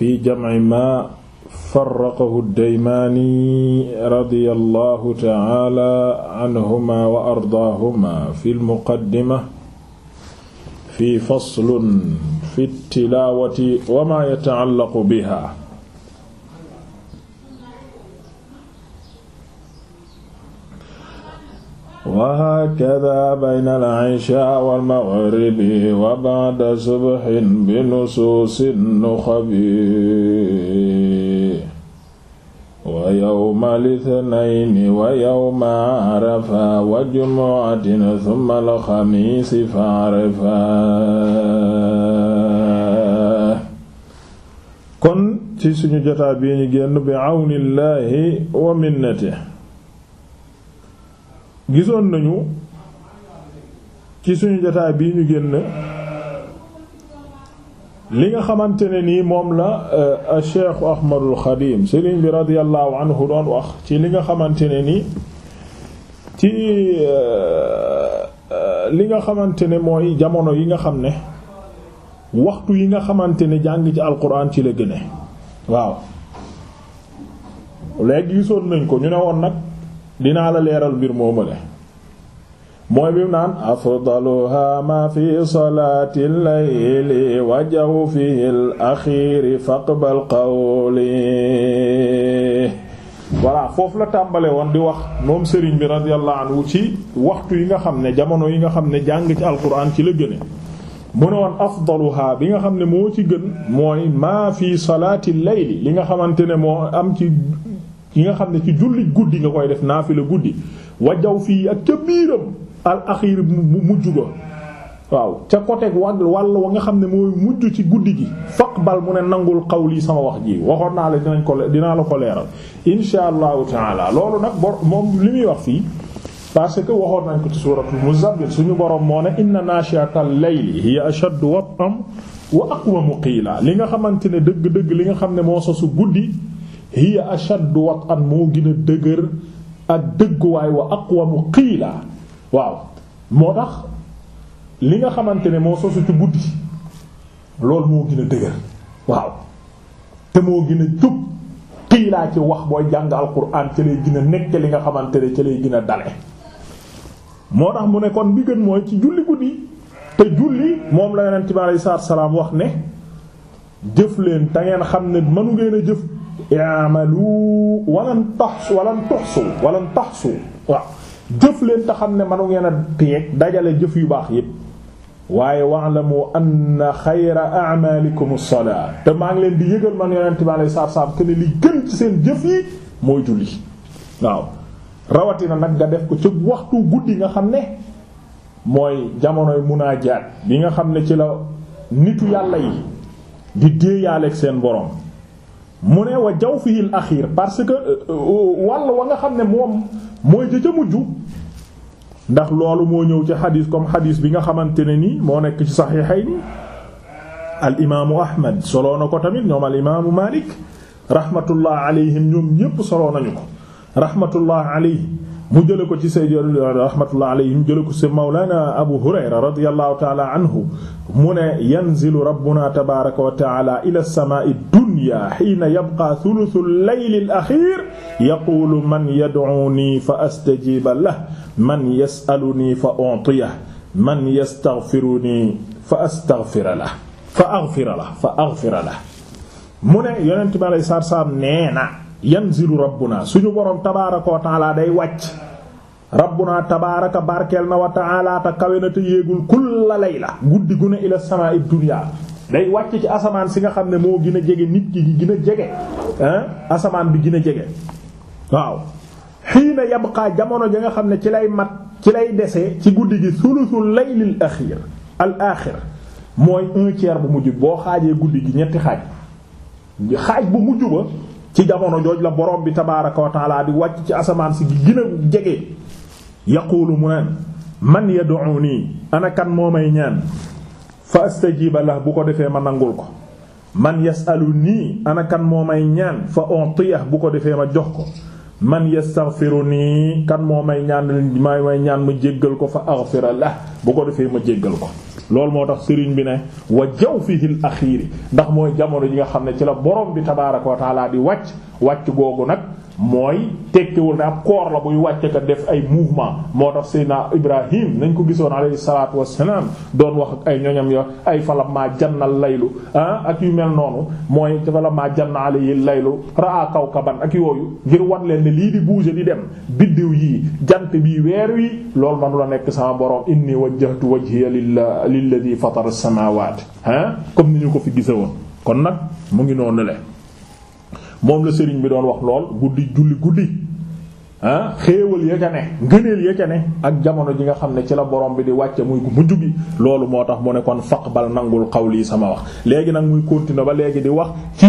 fi jam'i ma farraqahu ad-Daymaani radiyallahu ta'ala anhuma wa ardaahuma fi al-muqaddima fi faslun fi at-tilaawati wa ma yata'allaqu biha wa hakada bayna al-isha wal maghribi wa ba'da subhin bi nusuusin nuxabi wa yawma lithnayni wa yawma arafa wa jumu'atin thumma al-khamiisi fa'arafa kon ci suñu jotaa bi ñu génn bi awnillahi wa minnatihi gisoon nañu ci suñu jotaay bii ñu génn li nga xamante ne nii moom la euh, Cheikh Ahmadul Xadim Serigne bi radiyallahu anhu doon wax ci li nga xamante ne nii ci euh, euh, li nga xamante ne mooy jamono yi nga xam ne waxtu yi nga xamante ne jàng ci alquran ci la gëne waaw léegi gisoon nañ ko ñu ne woon nag. dinaa la leeral mbir moomu le mooy bi naan afdaluha ma fi salaati layli wa jawfihi al axiiri faqbal qawli voilà foofu la tàmbale woon di wax moom sëriñ bi radiyallahu anhu ci waxtu yi nga xam ne jamono yi nga xam ne jàng ci alquran ci la gëne mu afdaluha bi nga xam ne moo ci gën mooy ma fi salaati layli li nga xamante ne moo am ci ki nga xam ne ci julli guddi nga koy def naafila guddi jaw fii ak ca biiram al bu mujj ba waaw ca côté wàll wa nga xam ne mooy mujj ci guddi gi faqbal mu ne nangul lii sama wax ji waxoon naa la dinañ dinaa la ko leeral insha allahu taala loolu nag bor moom li muy wax fii parce que waxoon nañ ko ci mu muzammil suñu borom moo ne inna naashi'atal layli hiya ashaddu wat'an wa aqwamu qiila li nga xamante ne dëgg-dëgg li nga xam ne moo sosu guddi hiya ashaddu wat'an moo gën a dëgër ak dëgguwaay wa aqwamu qiila waaw moo tax li nga xamante ne moo sosu ci guddi loolu moo gën a dëgër waaw te moo gin a jub qiilaa ci wax booy jàng alquran ci lay gën a nekk li nga xamante ne ci lay gën a dale moo tax mu ne kon bi gën mooy ci julli guddi te julli moom la yonent bi alayhi salaam wax ne jëf leen te ngeen xam ne mënu ngeen a jëf i'malu walan tahsu walan tuhsu walan tahsu waaw jëf leen te xam ne manu ngeen a teeg dajale jëf yu baax yépp waaye wa'lamu anna xayra a'malikum as-salaat te maa ngi leen di yëgal man yonent bi alayhi ne gën seen jëf yi mooy nag nga def ko ci waxtu guddi nga xam ne mooy jamonoy munaajaat bi nga xam ne ci la nitu yàlla yi di déeyaaleeg seen borom mu ne wa jaw fii l parce que euh, wàll wa nga xam ne moom mooy jëca mujj ndax loolu moo ñëw ci xadis comme xadis bi nga xamante ne nii moo nekk ci saxiixay ni al imaamu ahmad soloo na ko tamit ñoom al imaamu malik rahmatullah alayhim ñoom ñépp soloo nañu ko rahmatullah alayhi mu jële ko ci sayyid rahmatullah alayhi mu jële ko ci mawlana abu hurayra radiyallahu taala anhu mu ne yanzilu rabbuna tabaraka wa taala ila as-samaa'i ad-dunya hiina yabqa thuluthu al-layli al-axiir yaqulu man yad'uuni fa astajiba lahu man yas'aluni fa u'tiyahu man yastaghfiruni fa astaghfira lahu fa aghfira lahu fa aghfira lahu mu ne yonent bi alayhi salaam nee na yanzilu rabbuna suñu borom tabaaraka wa taala day wàcc rabbuna tabaaraka barkeel na wa taala ta kawe na te yéegul kulla layla guddi gu ne ila samaa'i dunya day wàcc ci asamaan si nga xam ne moo gin a jege nit ki gin a jege asamaan bi gin a jege waaw xiina yabqaa jamono ja nga xam ne ci lay mat ci lay dese ci guddi gi sulusul laylil axiir al axir mooy un bu mujj boo xaajee guddi gi ñetti xaaj xaaj bu mujj ba ci jamono jooj la borom bi tabaaraka wa taala di wàcc ci asamaan si gi gën a jege yaqulu mu naan man yad'uni ana kan moo may ñaan fa astajiba la bu ko defee ma nangul ko man yas'aluni ana kan moo may ñaan fa utiya bu ko defee ma jox ko man yastaghfiruni kan moo may ñaan may may ñaan ma jéggal ko fa aghfira la bu ko defee ma jéggal ko loolu moo tax sëriñ bi ne wa jawfihil axiiri ndax mooy jamono ji nga xam ne ci la borom bi tabaaraka wa taala di wàcc wàcc googu nag mooy tekkiwul ne ab koor la buy wàcce ka def ay mouvement moo tax Seydina Ibrahim nañ ko gisoon alayhi salaatu wassalaam doon wax ak ay ñoñam yo ay falam maa jannal laylu ah ak yu mel noonu mooy falam maa janna alayhi laylu raa kawkaban ak yooyu ngir wan leen ne lii di bouger di dem biddiw yii jant bi weer wi loolu manu la nekk sama borom inni wajjahtu wajhiya lilladhi fatara as-samaawaati ah comme ni ñu ko fi gisewoon kon nag mu ngi noonu le moom la sëriñ bi doon wax lool guddi julli guddi ah xéewal ya ca ne ngëneel ya ne ak jamono ji nga xam ne ci la borom bi di wàcce muy ko mujj loolu moo tax mu ne kon faqbal nangul lii sama wax léegi nag muy continuer ba léegi di wax ci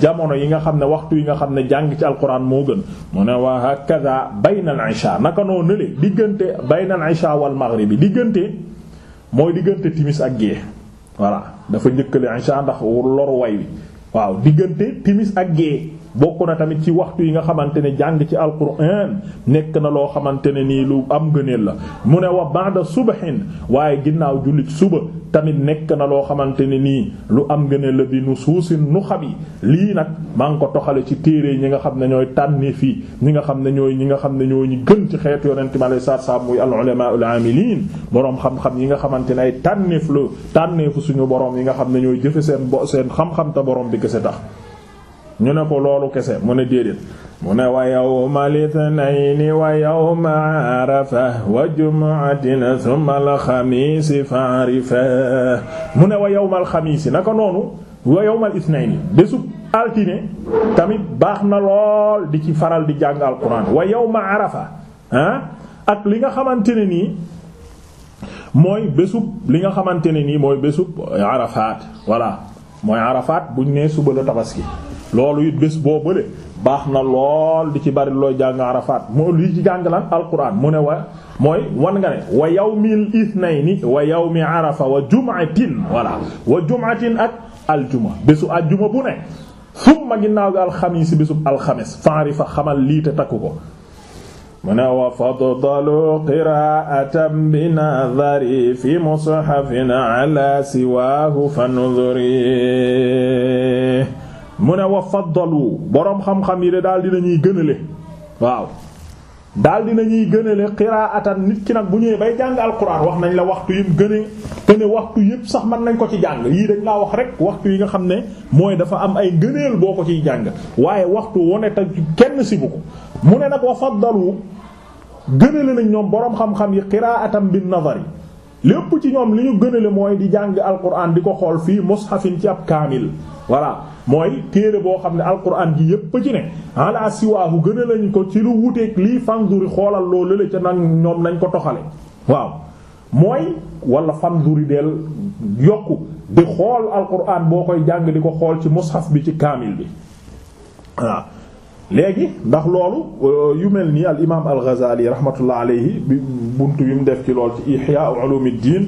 jamono yi nga xam ne waxtu yi nga xam ne jàng ci alquran moo gën mu ne wa hakaza baynal isha naka noo nële diggante baynal isha wal maghribi diggante mooy diggante timis ak gée voilà dafa njëkkale isha ndax lor way wi waaw diggante timis ak gée bokk na tamit ci waxtu yi nga xamante ne jàng ci alquran nekk na loo xamante ne nii lu am gëneel la mu ne wa suba subhin waaye ginnaaw jullit suba tamit nekk na loo xamante ne nii lu am gëneel la bi nu suusin nu xab yi lii nag maa ngi ko toxale ci téere ñi nga xam ne ñooy tànni fii ñi nga xam ne ñooy ñi nga xam ne ñooy ñi gën ci xeet yonente mi alay saatu salaam muy al ulama al amilin boroom xam-xam yi nga xamante ne ay tànneef la tànneefu suñu boroom yi nga xam ne ñooy jëfe seen bo seen xam te boroom bi kese tax ñu ne ko loolu kese mu ne déedéet mu ne wa yawma litnayni wa yawma arafa wa jumu'atin thumma alxamiisi fa'rifa mu ne noonu wa yawma bésub altine tamit baax na lool di ci faral di jàng alquran wa yawma arafa ah ak li nga xamante ne nii mooy bésub li nga xamante ne nii mooy bésub arafaat voilà mooy arafaat buñ ne suba la tabaski loolu it bés boo bële baax na lool di ci bari looy jàng arafaat moo li mu ne wa mooy wan nga ne wa yawmil ithnayni wa yawmi arafa wa jum'atin wala wa jum'atin ak aljuma bésu aljuma bu ne summa ginnaaw ga alxamiis bésu alxamis fa'rifa xamal lii takku ko mu ne wa faddalu qiraatan bi nadari fi mushafin ala siwaahu fanzuri mu ne wa faddalu boroom xam-xam yi de daal dina ñuy gënale waaw daal dina ñuy gënale qiraatan nit ki nag bu ñëwee bay jàng alquran wax nañ la waxtu yim gënee ne waxtu yëpp sax mën nañ ko ci jàng yii dañ laa wax rek waxtu yi nga xam ne mooy dafa am ay gëneel boo ko ciy jàng waaye waxtu wone te kenn sibu ko mu ne nag wa faddalu gënale nañ ñoom boroom xam-xam yi qiraatan bin nazari lépp ci ñoom li ñu gënale mooy di jàng alquran di ko xool fii mushafin ci ab kaamil voilà mooy téere boo xam ne alquran ji yépp ci ne ala siwaahu gën a lañ ko ci lu wuteeg lii fanzuri xoolal loolu la ca nag ñoom nañ ko toxale waaw mooy wala fanzuri del yokk di xool alquran boo koy jàng di ko xool ci mushaf bi ci kaamil bi waaw léegi ndax loolu euh, yu mel nii al imaam al Ghazali rahmatullah alayhi bi buntu yu mu def ci lool ci Ihya ulumuddin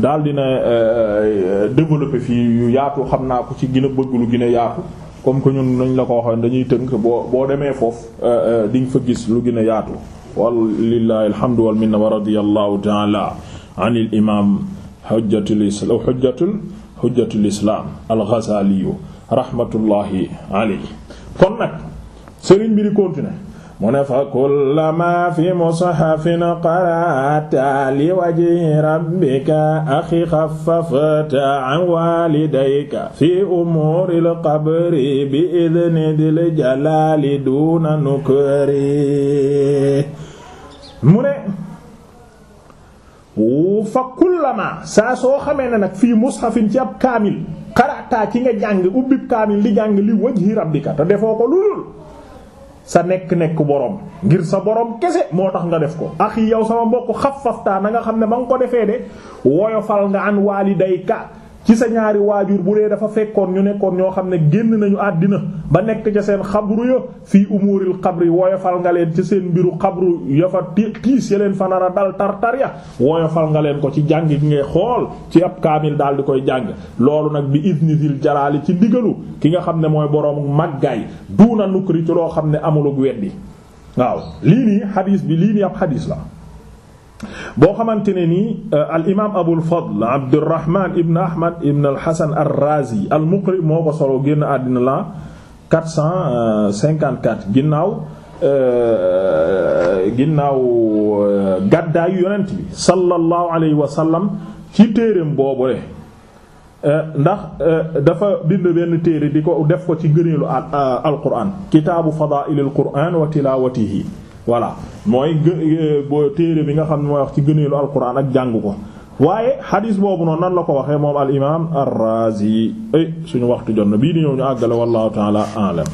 daal dina euh, euh, développer fii yu yaatu xam naa ko ci gën a bëgg lu gën a yaatu comme que ñun nañ la ko waxoon dañuy tënk boo boo demee foofu euh, diñ fa gis lu gën a yaatu walillahi alhamdu wal minna wa radiyallahu ta'ala anil imam hujjatul islam hujjatul hujjatul islam al-Ghazali rahmatullahi kon nag sëriñ bi di continuer mu ne fa kullama fi mushafin qara'ta li wajhi rabbika axi xaffafta an walidayka fi umuril qabri bi idni dil jalali duna nukri mu ne fa kullama saa soo xamee ne nag fii mushafin ci ab kaamil qara'ta ci nga jàng ubbib kaamil li jàng li wajhi rabbika te defoo ko lulul sa nekk-nekk borom ngir sa borom kese moo tax nga def ko axi yow sama mbokk xaffaftaa na nga xam ne ba nga ko defee de woyofal nga an waalidayka ci sa ñaari waajur bu dee dafa fekkoon ñu nekkoon ñoo xam ne génn nañu àddina ba nekk ca seen xabru ya fii umuuril xabri fal nga leen ci seen mbiru xabru ya fa tiis ya leen fanara dal tartar ya woyofal nga leen ko ci jàng gi ngay xool ci ab kaamil daal di koy jàng loolu nag bi idnizil jalaali ci ndigalu ki nga xam ne mooy boroomu màggaay duuna nukri ci loo xam ne amulug weddi waaw lii nii xadiis bi lii nii ab xadiis la boo xamante ne nii euh, al imaam Abul Fadl Abdurrahman ibn Ahmad ibn al Hasan ar-Razi al Muqri moo ko solo génn àddina la ginnaaw euh, ginnaaw euh, gàddaayu yonent bi sallallahu alayhi ci téereem boobu le ndax dafa bind benn téere di ko def ko ci gëneelu al Qur'an kitaabu fadaa'ilil Qur'an wa tilaawatihi voilà mooy boo téere bi nga xam ne mooy wax ci al alquran ak jàng ko waaye xadiis boobu noonu nan la ko waxee moom al imaam ar-Razi ay eh, suñu waxtu jot na bii di ñëw ñu àggale wallahu taala a'lam